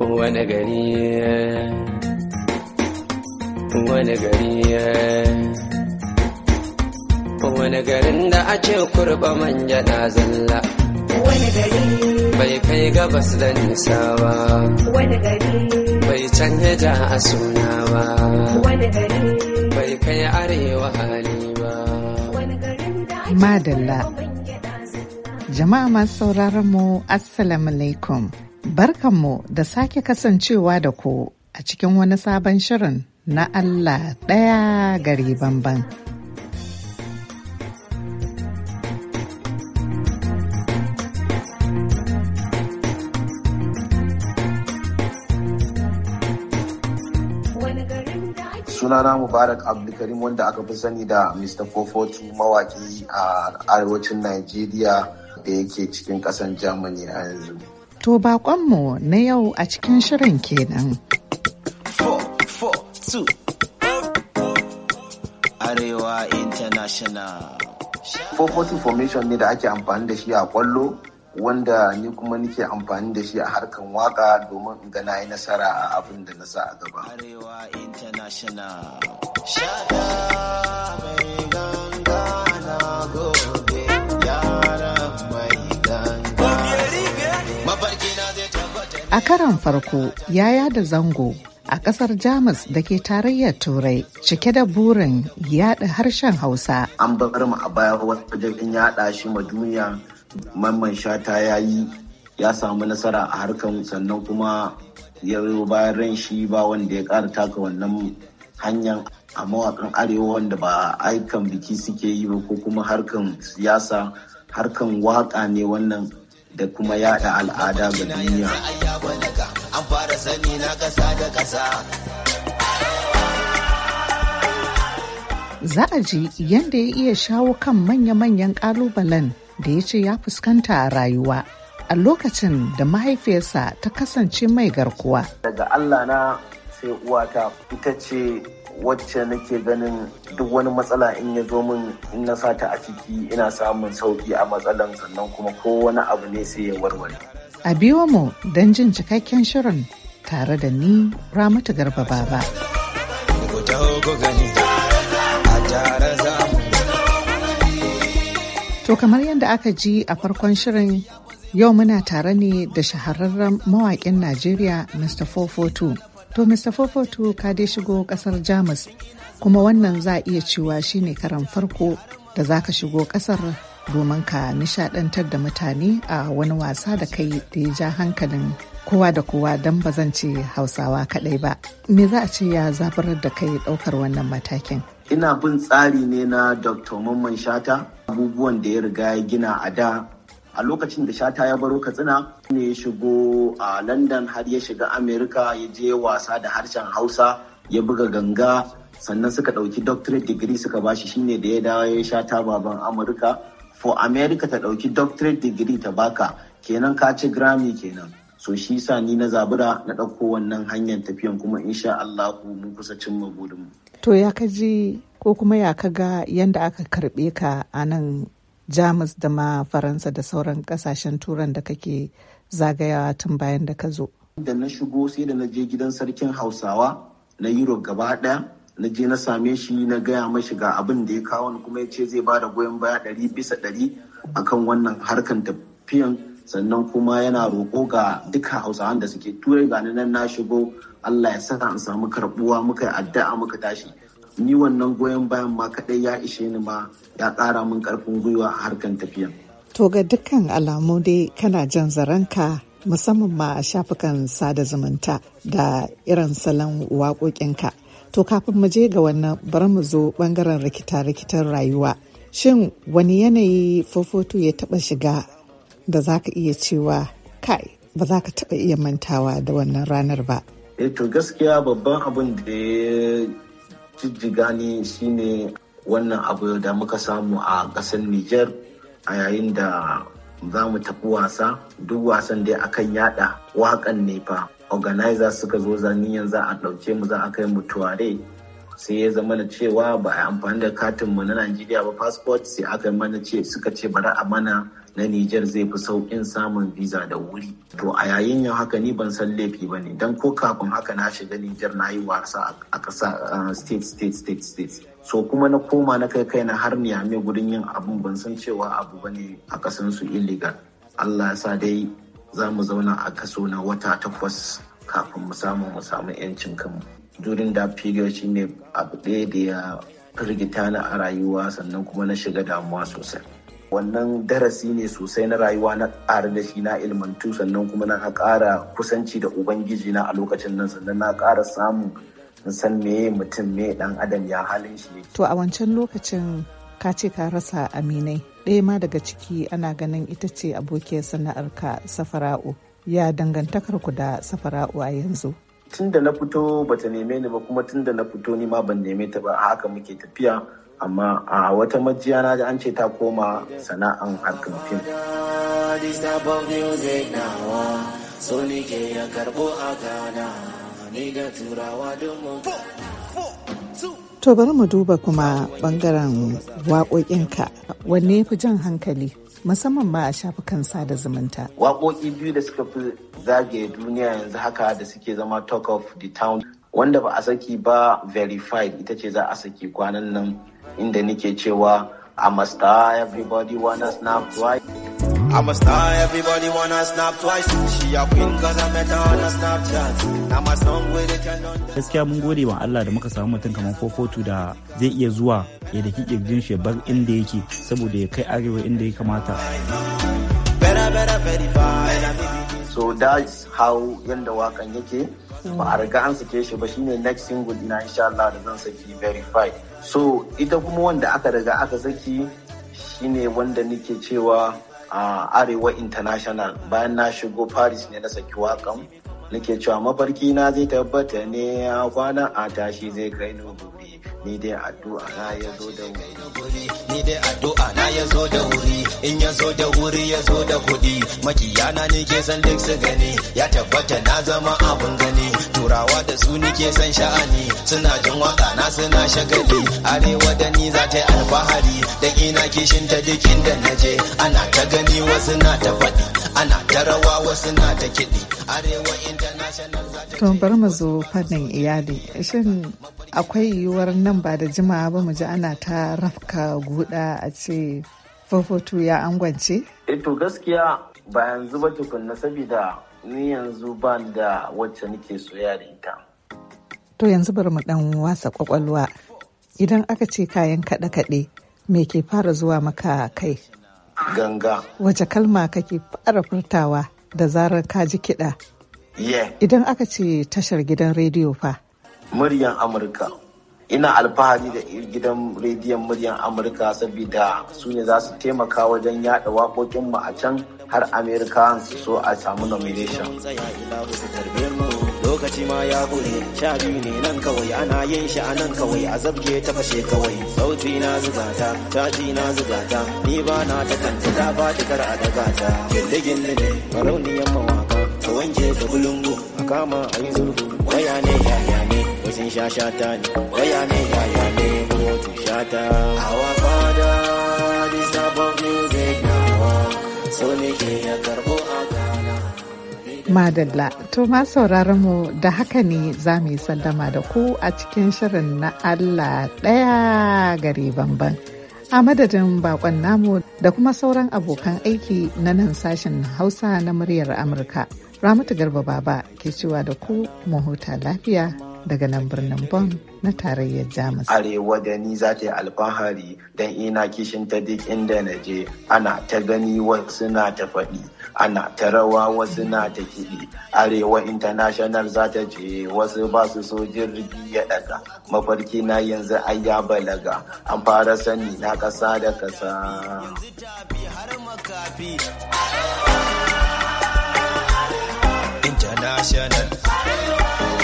wani gari wani gari wani garin da a ce kurba manja na zalla wani gari bai kai gabas da nisa ba wani gari bai canja a suna ba wani gari bai kai arewa hali ba madalla jama'a masu sauraron mu assalamu alaikum Barkanmu da sake kasancewa da ku a cikin wani sabon shirin na Allah ɗaya gari bamban. sunana mubarak abdulkarim wanda aka fi sani da mr fofotu mawaki a arewacin Najeriya da yake cikin kasan germany a yanzu To baƙonmu na yau a cikin shirin kenan. Arewa International. 440 formation ne da ake amfani da shi a kwallo wanda ni kuma nike amfani da shi a harkan waka domin in ga na yi nasara a abin da na sa a gaba. Arewa International. Shada mai A karan farko yaya da zango a kasar Jamus da ke tarayyar Turai cike da burin yada harshen Hausa. An bar mu a baya wajen yada shi ma duniya mamman shata ya yi ya samu nasara a harkan sannan kuma ya bayan ran shi ba wanda ya ƙara taka wannan hanyar a mawakan arewa wanda ba aikan biki suke yi ba ko kuma harkan siyasa harkan waka ne wannan da kuma yada al'ada ga duniya. fara Za a ji yadda ya iya shawo kan manya-manyan ƙalubalen da ya ce ya fuskanta a rayuwa. A lokacin da mahaifiyarsa ta kasance mai garkuwa. Daga Allah na sai uwata ita ce wacce nake ganin duk wani matsala in ya zo min in na sata a ciki ina samun sauki a matsalan sannan kuma ko wani abu ne sai ya warware. A biyo mu don jin cikakken shirin tare da ni Ramatu Garba Baba. To kamar yadda aka ji a farkon shirin yau muna tare ne da shahararren mawaƙin Najeriya Mr. 442. To Mr. Fofotu ka dai shigo kasar Jamus kuma wannan za a iya cewa shine karan farko da za ka shigo kasar domin ka nishadantar da mutane a wani wasa da kai da ya ja hankalin kowa da kowa don ba zan ce hausawa kaɗai ba. Me za a ce ya zabarar da kai ɗaukar wannan matakin? Ina bin tsari ne na Dr. Mamman Shata abubuwan da ya riga ya gina a da a lokacin da shata ya baro katsina ne ya shigo a london har ya shiga amerika ya je wasa da harshen hausa ya buga ganga sannan suka ɗauki doctorate degree suka bashi shine da ya dawo ya shata baban amurka for america ta ɗauki doctorate degree ta baka kenan ka ci grammy kenan so shi sa ni na zabura na ɗauko wannan hanyar tafiyan kuma insha Allah mun kusa cimma burinmu. To ya ka ko kuma ya ka ga yanda aka karɓe ka a nan jamus da ma faransa da sauran kasashen turan da kake zagayawa tun bayan da ka zo da na shigo sai da na je gidan sarkin hausawa na europe gaba daya na je na same shi na gaya mashi ga abin da ya kawo kuma ya ce zai ba da goyon baya ɗari bisa ɗari akan wannan harkan tafiyan sannan kuma yana roƙo ga duka hausawan da suke turai ga nan na shigo Allah ya saka in samu karɓuwa muka yi addu'a muka tashi ni wannan goyon bayan ma kadai ya ishe ni ma ya tsara min karfin gwiwa a harkan tafiya. To ga dukkan alamu dai kana jan zaranka musamman ma a shafukan sada zumunta da irin salon waƙoƙinka. To kafin mu je ga wannan bari mu zo bangaren rikita-rikitar rayuwa. Shin wani yanayi fofoto ya taɓa shiga da za ka iya cewa kai ba za ka taɓa iya mantawa da wannan ranar ba? Eh to gaskiya babban abin da ya shi ne shine wannan abu da muka samu a ƙasar Nijar a yayin da za mu tafi wasa duk wasan dai akan yada wakan ne fa organizer suka zo zaniyan yanzu a ɗauke mu za a kai mu tuware sai ya zama na cewa ba a yi amfani da katin mu na Najeriya ba passport sai aka mana ce suka ce bari a mana na Nijar zai fi sauƙin samun visa da wuri. To a yayin yau haka ni ban san laifi ba ne don ko kafin haka na shiga Nijar na yi wasa a ƙasa state state state state. So kuma na koma na kai kai na har Niyame gurin yin abun ban san cewa abu ba ne a su illegal. Allah ya sa dai za mu zauna a kaso na wata takwas kafin mu samu mu samu 'yancin kanmu. Durin da period shine abu ɗaya da ya firgita na a rayuwa sannan kuma na shiga damuwa sosai. wannan darasi ne sosai na rayuwa na ƙara da shi na ilmantu sannan kuma na ƙara kusanci da ubangiji na a lokacin nan sannan na ƙara samu san me mutum me dan adam ya halin shi to a wancan lokacin ka ce ka rasa aminai ɗaya ma daga ciki ana ganin ita ce abokiyar sana'arka safara'u ya dangantakar ku da safara'u a yanzu tun da na fito bata neme ni ba kuma tun da na fito ni ma ban neme ta ba haka muke tafiya amma a wata majiya na ji an ce ta koma sana'an harkar fim To bari mu duba kuma bangaren waƙoƙinka wanne fi jan hankali musamman ba a shafukan sada zumunta. Waƙoƙi biyu da suka fi zagaye duniya yanzu haka da suke zama talk of the town wanda ba a saki ba verified ita ce za a saki kwanan nan inda nake cewa a must die, everybody wanna snap twice. I must die, everybody wanna snap twice. She a queen cause I met her on a Snapchat. Now my song with it and on Gaskiya mun gode wa Allah da muka samu mutum kamar Fofotu da zai iya zuwa ya daki kirjin shi bar inda yake saboda ya kai arewa inda ya kamata. So that's how yanda wakan yake. ba a riga an sake shi ba shine next single dina insha Allah da zan saki verify so ita kuma wanda aka riga aka saki shine wanda nake cewa a arewa international bayan na shigo paris ne na saki wakan nake cewa mafarki na zai tabbata ne a kwana a tashi zai kai nubu ni dai addu'a na ya zo da wuri ni dai addu'a na ya zo da wuri in ya zo da wuri ya zo da kuɗi na ni ke san duk su gani ya tabbata na zama abun gani turawa da su ni ke san sha'ani suna jin waka na suna shagali arewa da ni za ta yi alfahari da ina kishin ta dukin da naje ana ta gani wasu na ta faɗi ana darawa wasu na ta kiɗi arewa international bari mu zo fannin iyali shin akwai yiwuwar nan ba da jimawa ba mu ji ana ta rafka guda a ce fofotu ya angwance? Eh to gaskiya ba yanzu ba tukunna saboda ni yanzu ba da wacce nake soya da ita to yanzu bar mu dan wasa kwakwalwa idan aka ce kayan kaɗe-kaɗe me ke fara zuwa maka kai ganga. Wace kalma kake fara furtawa da zarar ka ji kiɗa? Yeah. Idan aka ce tashar gidan rediyo fa? Muryan Amurka. Ina alfahari da gidan rediyon muryan Amurka saboda su ne za su taimaka wajen yada waƙoƙinmu a can har Amerika su so a samu nomination. lokaci ma ya gure sha biyu ne nan kawai ana yin shi a nan kawai a zabge ta fashe kawai sauti na zugata caji na zugata ni ba na ta kanta ta ba ta kar a daga ta gille gille ne yan mawaka ka wanke ta bulungu a kama a yi zurgu waya ne yaya ne wasin shashata ne waya ne yaya ne sha ta hawa fada this type of music now so ne ke ya karbo a Madalla, to ma sauraron mu da haka ne za mu yi sallama da ku a cikin shirin na Allah ɗaya gari bamban. A madadin bakon namu da kuma sauran abokan aiki na nan sashen Hausa na muryar Amurka, Ramatu Garba Baba ke cewa da ku mu huta lafiya daga nan birnin Bonn na tarayyar Jamus. Arewa da ni za ta yi alfahari don ina kishin ta duk inda na je ana ta gani wasu na ta faɗi ana ta rawa wasu na ta kiɗi Arewa International za ta je wasu ba su so jirgi ya ɗaga mafarki na yanzu aya balaga an fara sani na ƙasa da ƙasa. International.